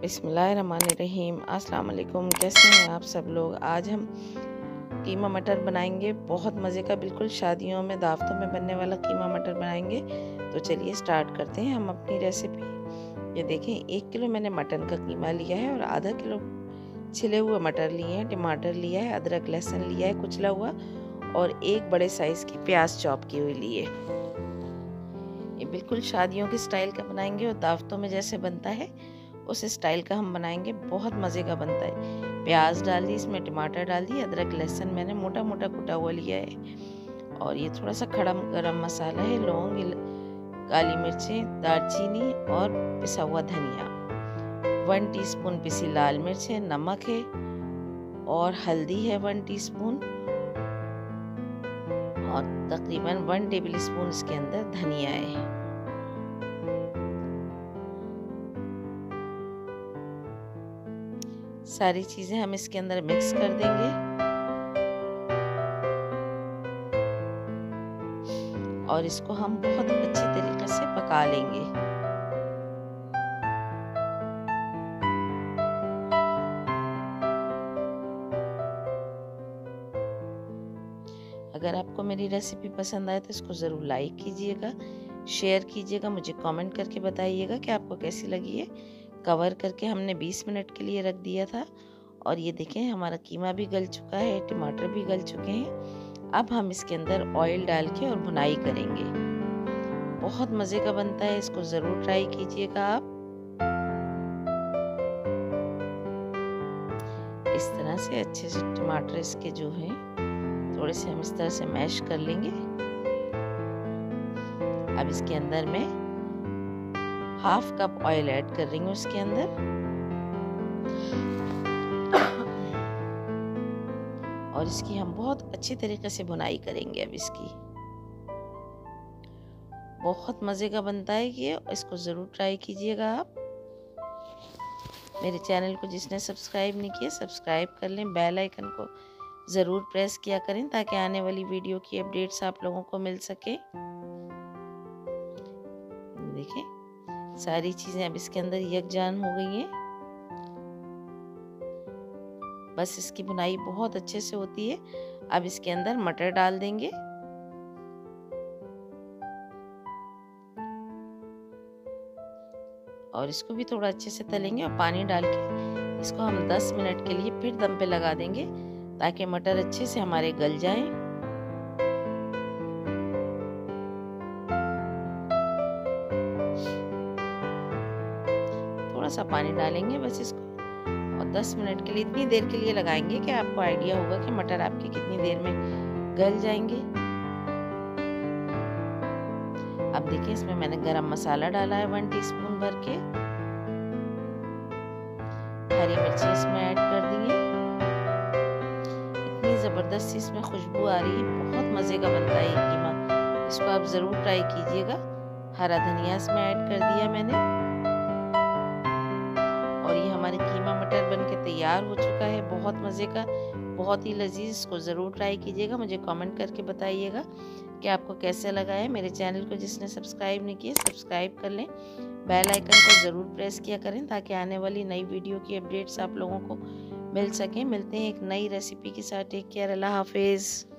बिसमीम अस्सलाम कैसे हैं आप सब लोग आज हम कीमा मटर बनाएंगे बहुत मज़े का बिल्कुल शादियों में दावतों में बनने वाला कीमा मटर बनाएंगे तो चलिए स्टार्ट करते हैं हम अपनी रेसिपी ये देखें एक किलो मैंने मटन का कीमा लिया है और आधा किलो छिले हुए मटर लिए हैं टमाटर लिया है अदरक लहसुन लिया है कुचला हुआ और एक बड़े साइज़ की प्याज चॉप की हुई ली है ये बिल्कुल शादियों के स्टाइल का बनाएंगे और दावतों में जैसे बनता है उस स्टाइल का हम बनाएंगे बहुत मज़े का बनता है प्याज डाल दी इसमें टमाटर डाल दी अदरक लहसुन मैंने मोटा मोटा कुटा हुआ लिया है और ये थोड़ा सा खड़ा गरम मसाला है लौंग काली मिर्चें दालचीनी और पिसा हुआ धनिया वन टीस्पून पिसी लाल मिर्च है नमक है और हल्दी है वन टीस्पून और तकरीबन वन टेबल स्पून इसके अंदर धनिया है सारी चीज़ें हम इसके अंदर मिक्स कर देंगे और इसको हम बहुत अच्छे तरीके से पका लेंगे अगर आपको मेरी रेसिपी पसंद आए तो इसको ज़रूर लाइक कीजिएगा शेयर कीजिएगा मुझे कमेंट करके बताइएगा कि आपको कैसी लगी है कवर करके हमने 20 मिनट के लिए रख दिया था और ये देखें हमारा कीमा भी गल चुका है टमाटर भी गल चुके हैं अब हम इसके अंदर ऑयल डाल के और भुनाई करेंगे बहुत मज़े का बनता है इसको ज़रूर ट्राई कीजिएगा आप इस तरह से अच्छे से टमाटर इसके जो हैं थोड़े से हम इस तरह से मैश कर लेंगे अब इसके अंदर मैं हाफ कप ऑयल ऐड कर रही हूँ उसके अंदर और इसकी हम बहुत अच्छी तरीके से बुनाई करेंगे अब इसकी बहुत मज़े का बनता है ये इसको ज़रूर ट्राई कीजिएगा आप मेरे चैनल को जिसने सब्सक्राइब नहीं किया सब्सक्राइब कर लें बेल आइकन को ज़रूर प्रेस किया करें ताकि आने वाली वीडियो की अपडेट्स आप लोगों को मिल सके देखें सारी चीज़ें अब इसके अंदर यकजान हो गई हैं बस इसकी बुनाई बहुत अच्छे से होती है अब इसके अंदर मटर डाल देंगे और इसको भी थोड़ा अच्छे से तलेंगे और पानी डाल के इसको हम 10 मिनट के लिए फिर दम पे लगा देंगे ताकि मटर अच्छे से हमारे गल जाएं थोड़ा सा पानी डालेंगे बस इसको और 10 मिनट के लिए इतनी देर के लिए लगाएंगे कि आपको आइडिया होगा कि मटर आपके कितनी देर में गल जाएंगे अब देखिए इसमें मैंने गरम मसाला डाला है वन टीस्पून भर के हरी मिर्ची इसमें ऐड कर दिए इतनी ज़बरदस्त इसमें खुशबू आ रही है बहुत मज़े का बनता है इसको आप ज़रूर ट्राई कीजिएगा हरा धनिया इसमें ऐड कर दिया मैंने तैयार हो चुका है बहुत मज़े का बहुत ही लजीज इसको ज़रूर ट्राई कीजिएगा मुझे कमेंट करके बताइएगा कि आपको कैसे लगा है मेरे चैनल को जिसने सब्सक्राइब नहीं किया सब्सक्राइब कर लें बेल आइकन को ज़रूर प्रेस किया करें ताकि आने वाली नई वीडियो की अपडेट्स आप लोगों को मिल सकें मिलते हैं एक नई रेसिपी के साथ टेक केयर अल्लाह हाफिज़